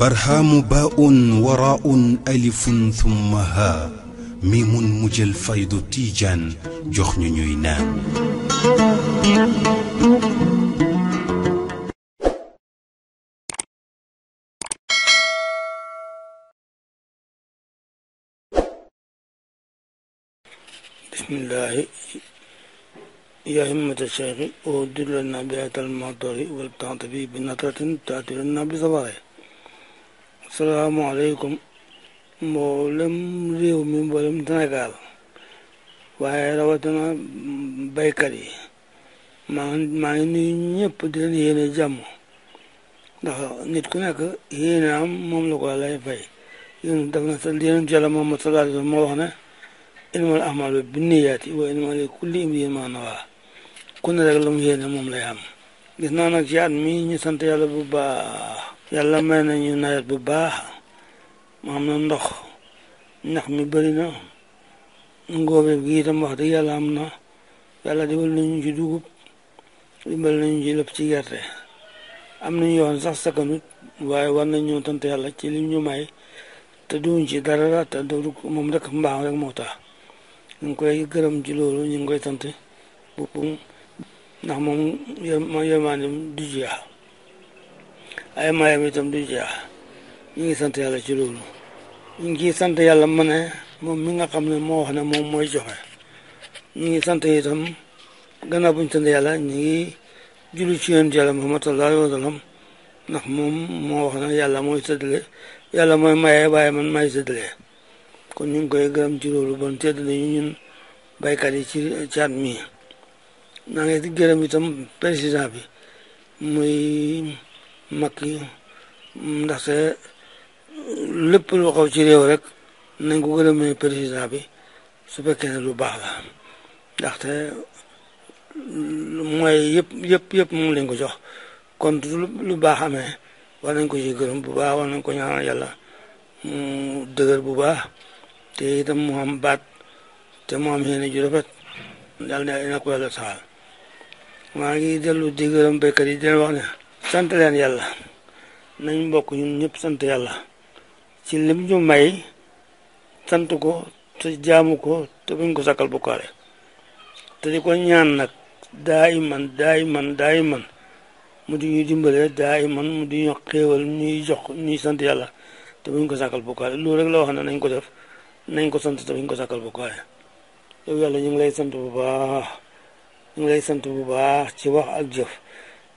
برهام باء وراء ألف ثم ها ميم مجل فيض تيجان جخن نينان بسم الله يا همة الشيخ أودر لنا بهذا المطر والتعطفي بنطرة تأتي لنا بصبايا salaamaaleykum mboolem réew mi mboolem Sénégal waaye rawatina baykat yi maa ngi maa ngi nuyu ñëpp di leen yéene jàmm ndax nit ku nekk am moom la ko lay fay yéen daf na sa yéen jëla Muhammad sallallahu alayhi wa sallam moo wax ne innamal a'maalu binniyaati maa nawaa ku ne rek la moom lay am gis naa nag bu baax yàlla may nañu nawet bu baax mu am na ndox ndax mi bëri na ngóobe gi itam wax dëgg yàlla am na yàlla dimbal nañu ci dugub dimbal nañu ci lépp ci gerte am nañu yoon sax sakanut waaye war nañ ñoo tant yàlla ci li ñu may te duñ ci dara te du moom rek mbaax rek moo tax ñu ngi koy gërëm ci loolu ñu ngi koy tant ndax moom yërmaandeem du jeex ay mayam itam du jeex ñu ngi sant yàlla ci loolu ñu ngi sant yàlla ma ne moom mi nga xam ne moo wax ne moom mooy joxe ñu ngi sant itam gannaaw buñ sant yàlla ñu ngi julli ci yonent yàlla Muhammad sallallahu alayhi wa sallam ndax moom moo wax ne yàlla mooy séddale yàlla mooy maye waaye man may séddale kon ñu ngi koy gërëm ci loolu bon séddale ñu ñun baykat yi ci ci at mii naa ngi gërëm itam président bi muy mag yi ndaxte lépp lu xaw ci rek nañ ko gën a may président bi su fekkee ne lu baax la ndaxte mooy yëpp yëpp yëpp moom lañ ko jox kon lu baax amee war nañ ko ci gërëm bu baax nañ ko ñaanal yàlla mu dëgër bu baax te itam mu am baat te mu am yéene ju rafet daal ne na ko yàlla saxal maa ngi dellu di gërëm béykat yi dina wax ne sant leen yàlla nañ mbokk ñun ñëpp sant yàlla ci lim ñu may sant ko te jaamu ko te buñ ko sakkal bokkaale te di ko ñaan nag daay man daay man daay man mu di ñu dimbale daay man mu di ñu xéewal ñuy jox ñuy sant yàlla te buñ ko sakkal bokkaale loolu rek la wax ne nañ ko def nañ ko sant te buñ ko sakkal yàlla ñu ngi lay sant bu baax ñu ngi lay sant bu baax ci wax ak jëf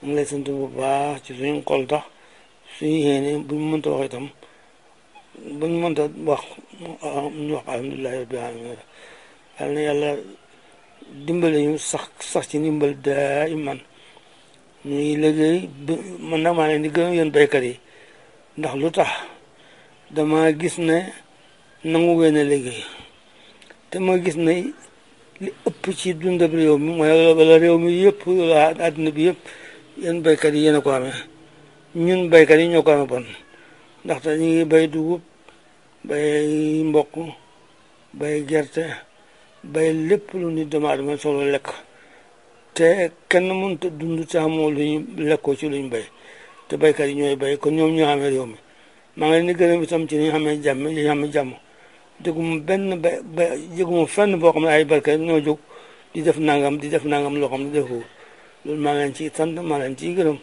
ñu ngi lay sant bu baax ci suñu xol tax suñu yéene buñ mënta wax itam buñ mënta wax ñu yal na yàlla dimbale ñu sax sax ci ndimbal daa iman ñu ngi liggéey man nag maa leen di gërëm yéen béykat yi ndax lu tax dama gis ne nangu ngeen a liggéey te ma gis ne li ëpp ci dundab réew mi mooy wala réew mi yëpp wala àdduna bi yëpp yéen béykat yi yéen a ko amee ñun béykat yi ñoo ko amee bon ndaxte ñu ngi bay dugub bay mboq bay gerte bay lépp lu nit doomu aadama soxla lekk te kenn mënut a dund te amoo lu ñu lekkoo ci lu ñu bay te béykat yi ñooy bay ko ñoom ñoo xamee réew mi maa ngi leen di gërëm itam ci li ñu xamee jàmm li ñu xamee jàmm dégguma benn ba ba fenn boo xam ay béykat ñoo jóg di def nangam di def nangam loo xam ne loolu maa ngi leen ciy sant maa leen ciy gërëm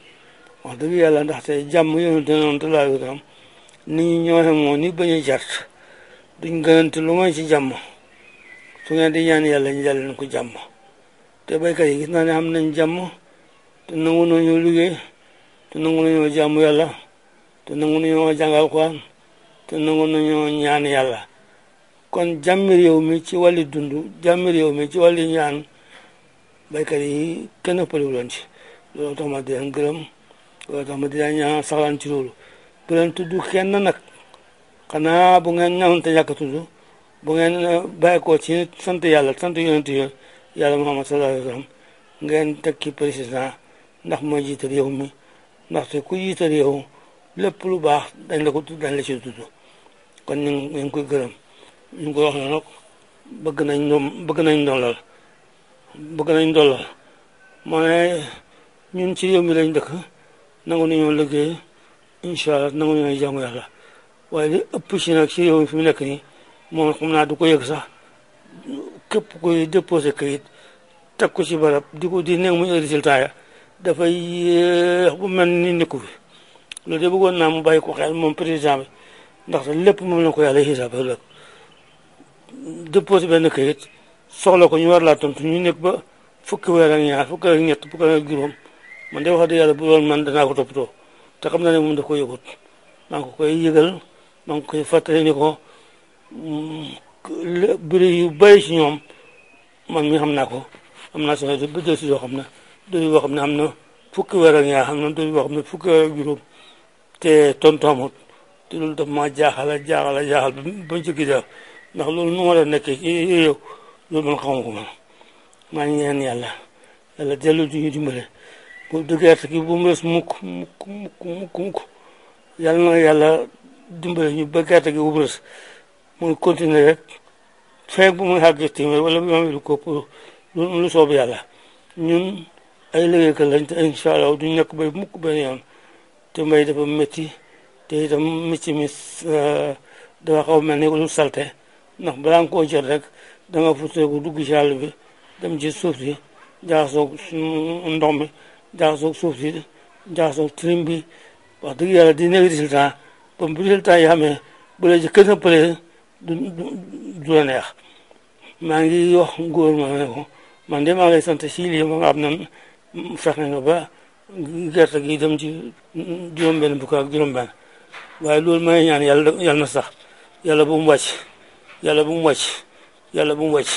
wax dëgg yàlla ndaxte jàmm yonente noonu talaayu tam nit ñi ñoo xamoo ni bañ a jart duñ ci jàmm su di ñaan yàlla ñu jàlleen ko jàmm te béykat yi gis naa ne am nañ jàmm te nangu nañoo liggéey te nangu nañoo jàmm yàlla te nangu nañoo jàngal ko yàlla kon jàmmi ci wàlli dund jàmmi réew mi ci wàlli ñaan baykat yi kenn ëppalewu leen ci loolu tax ma di leen gërëm loolu ma di leen ñaan saxlaan ci loolu bu leen tudd kenn nag xanaa bu ngeen ñaanoon te ñàkk tudd bu ngeen eh, bàyyi ko ci sant yàlla sant yonent yi yàlla Muhammad sallallahu alayhi wa sallam ngeen teg ci président ndax mooy jiite réew mi ndaxte ku jiite réew lépp lu baax dañ la ko tudd dañ la ci tudd kon ñu ngi koy gërëm ñu ngi koy wax ne nag bëgg nañ ñoom bëgg nañ doon lal bëgg nañ dollal moo ñun ci réew mi lañ dëkk nangu nañoo liggéey incha allah nangu nañoo jaamu yàlla waaye li ëpp ci nag ci réew fi mu nekk nii moom xam naa du ko yëg sax képp koy déposé kayit teg ko ci barab di ko di nekk muy résultat ya dafay bu mel ni nekku fi loolu de bëggoon naa mu bàyyi ko xel moom président bi ndaxte lépp moom la ko yàlla xisaab déposé benn kayit soxla ko ñu war laa tontu ñu nekk ba fukki weer ak ñaar fukki weer ak ñett fukki weer ak juróom man de wax dëgg yàlla bu doon man danaa ko toppatoo te xam naa ne moom daf ko yëgut maa ngi koy yëgal maa ngi koy fàttali ni ko mm, biri yu bëri ci ñoom man mi xam naa ko am naa soxla ba dee si yoo xam ne doyu yoo xam ne am na fukki weer ak ñaar xam na doyu yoo xam ne fukki weer ak juróom te tontu amut te loolu daf maa jaaxal jaaxal jaaxal ba mu jëkki daal ndax loolu nu ma la nekkee yow loolu man xawma ko maa ngi ñaan yàlla yàlla dellu di dimbale bu dëgerte gi bu mu des mukk mukk mukk mukk mukk yàlla na yàlla dimbale ñu ba gerte gi bu mu des muy rek feeg bu mu àgg téeméer wala bu ma lu ko lu lu soob yàlla ñun ay liggéeykat lañ te incha allah duñ nekk bay mukk benn yoon te mbay dafa métti te itam métti mi euh, dafa xaw mel ni lu salte ndax balaa nga koo jot rek da nga futteeku dugg ci bi dem ci suuf si jaaxasoog ndox mi jaaxasoog suuf si jaaxasoog trim bi wax dëgg yàlla di nekk bu résultat yi xamee bule la ci kenn pëlee du du la neex maa ngi wax góor ma ne ko man maa lay sant si lii ma nga am nan fexe nga ba gerte gi dem ci juróom-benn bukk ak juróom waaye loolu may ñaan yàlla yàlla na sax yàlla bu mu wàcc yàlla bu mu wàcc yàlla bu mu wàcc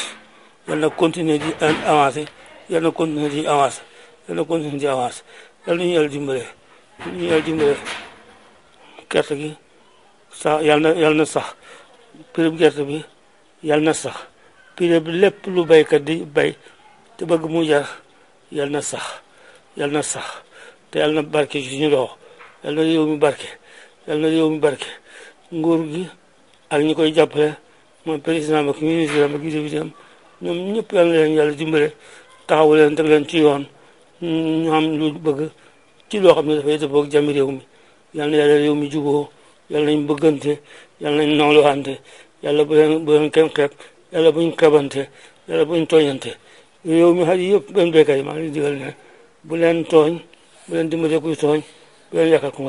yàlla na continuer di avancer yàlla na continuer di avancer yàlla na continuer di avancer yàlla gi sax yàlla na yàlla na sax prix gerte bi yàlla na sax prix bi lépp lu baykat di bay te bëgg mu jar yàlla na sax yàlla na sax te yàlla na barke ci ñu loxo yàlla na réew mi barke yàlla na nguur gi ak ñi koy jàppale mooy président ak ministre am ak député am ñoom ñëpp yal na leen yàlla dimbale taxawu leen teg leen ci yoon ñu lu bëgg ci loo xam ne dafay dëppoo ak jàmmi réew mi yal na yàlla réew mi juboo yal nañ bëggante yal nañ nawluwante yàlla bu leen bu leen kenn xeeb yàlla buñ xeebante yàlla buñ tooñante réew mi yëpp béykat yi maa bu leen tooñ bu leen dimbale ku tooñ bu leen yaakaar ku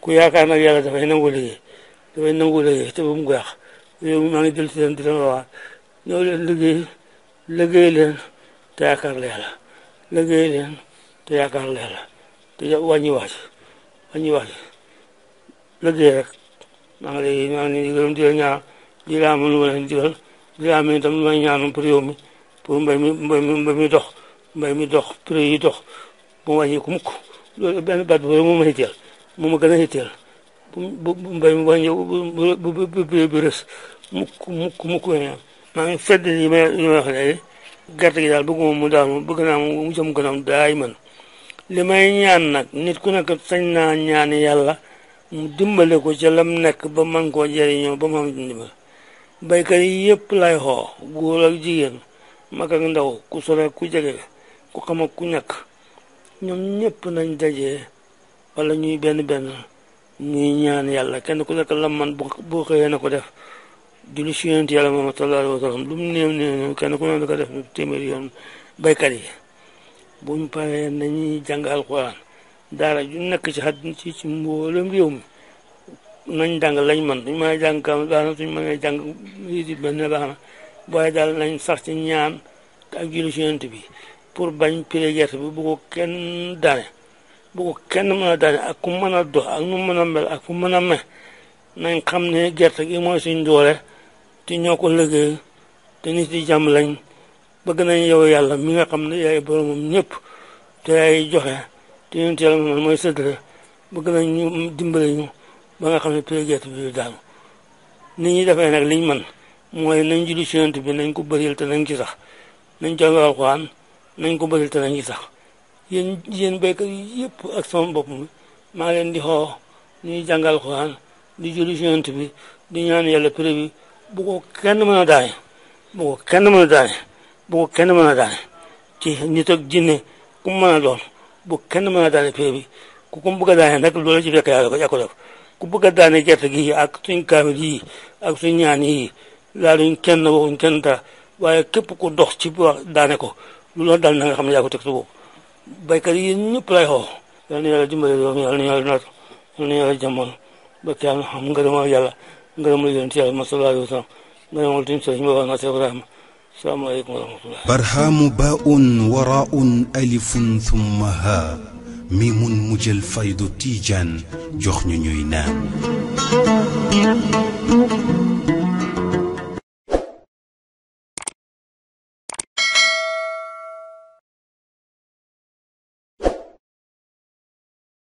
ku yaakaar nag yàlla dafay nangu liggéey dafay nangu liggéey te bu mu yow maa ngi jël ci leen di leen wawaat ñëw leen liggéey liggéey leen te yaakaar la yàlla liggéey leen te yaakaar la yàlla te wàññi waaj wàññi waaj liggéey rek maa ngi lay maa ngi gërëm di leen ñaar di laa am lu ma leen digal di laa am itam lu may ñaanam pour yow mi pour mbay mi dox mbay mi dox prix yi dox mu wàññi ko mukk loolu benn mu ma hitteel mu ma gën a hitteel bu mbay mi wàññi bu bu mukk mukk mukk maa ngi fedd li ma li ma wax léegi gerte gi daal bëgguma mu daanu bëgg naa mu jëm kanam daay man li may ñaan nag nit ku nekk sañ naa ñaan yàlla mu dimbale ko ca lam nekk ba man koo jëriñoo ba mu am dimbal baykat yi yëpp lay xoo góor ak jigéen mag ak ndaw ku sore ku jege ku xam ak ku ñàkk ñoom ñëpp nañ dajee wala ñuy benn benn ñuy ñaan yàlla kenn ku nekk lam man bu xëyee na ko def julli si yonent yàlla moom sallallahu alayhi wa sallam lu mu néew kenn ku ne da ko def téeméeri yoon béykat yi buñ paree nañuy jàng alquran daara ju nekk ci xat ci ci mboolem réew mi nañ jàng lañ man suñ ma a jàng kam baax na mën jàng yidit mën waaye daal nañ sax ci ñaan ak julli si bi pour bañ pire gerte bi bu ko kenn daane bu ko kenn mën a daane ak ku mën a dox ak nu mën a mel ak fu mën a me nañ xam ne gerte gi mooy suñ doole ti ñoo ko liggéey te nit yi jàmm lañ bëgg nañ yow yàlla mi nga xam ne yaay boromam ñëpp te yaay joxe te ñun teel man mooy séddale bëgg nañ ñu dimbale ñu ba nga xam ne prix gerte bi daanu nit ñi defee nag liñ man mooy nañ julli ci Yonent bi nañ ko bëril te nañ ci sax nañ jàng alxuraan nañ ko bëril te nañ ci sax yéen yéen béykat yi yëpp ak sama bopp mi maa leen di xoo ñuy jàng alxuraan di julli ci Yonent bi di ñaan yàlla prix bi bu ko kenn mën a daane bu ko kenn mën a daane bu ko kenn mën a daane ci nit ak jinne ku mu mën a doon bu kenn mën a daane pee bi ku ko bëgg a daane nag loolu ci fekk yaa ko yaa ko def ku bëgg a daane gerte gi ak suñ kaamil yi ak suñ ñaan yi laa duñ kenn waxuñ kenn dara waaye képp ku dox ci wax daane ko lu loolu daal na nga xam ne yaa ko teg sa bopp baykat yi ñëpp lay xoo yal na yàlla dimbale yoom yal na yàlla naat yal na yàlla jàmmal ba kii am xam ngërëma yàlla ngërëmul yonent yàlla ma sallallahu alayhi wa sallam ngërëmul tim sëriñ Baba Maas Ibrahima salaamaaleykum wa rahmatullah barhaamu baun waraun alifun thumma haa miimun mujjal faydu tiijaan jox ñu ñuy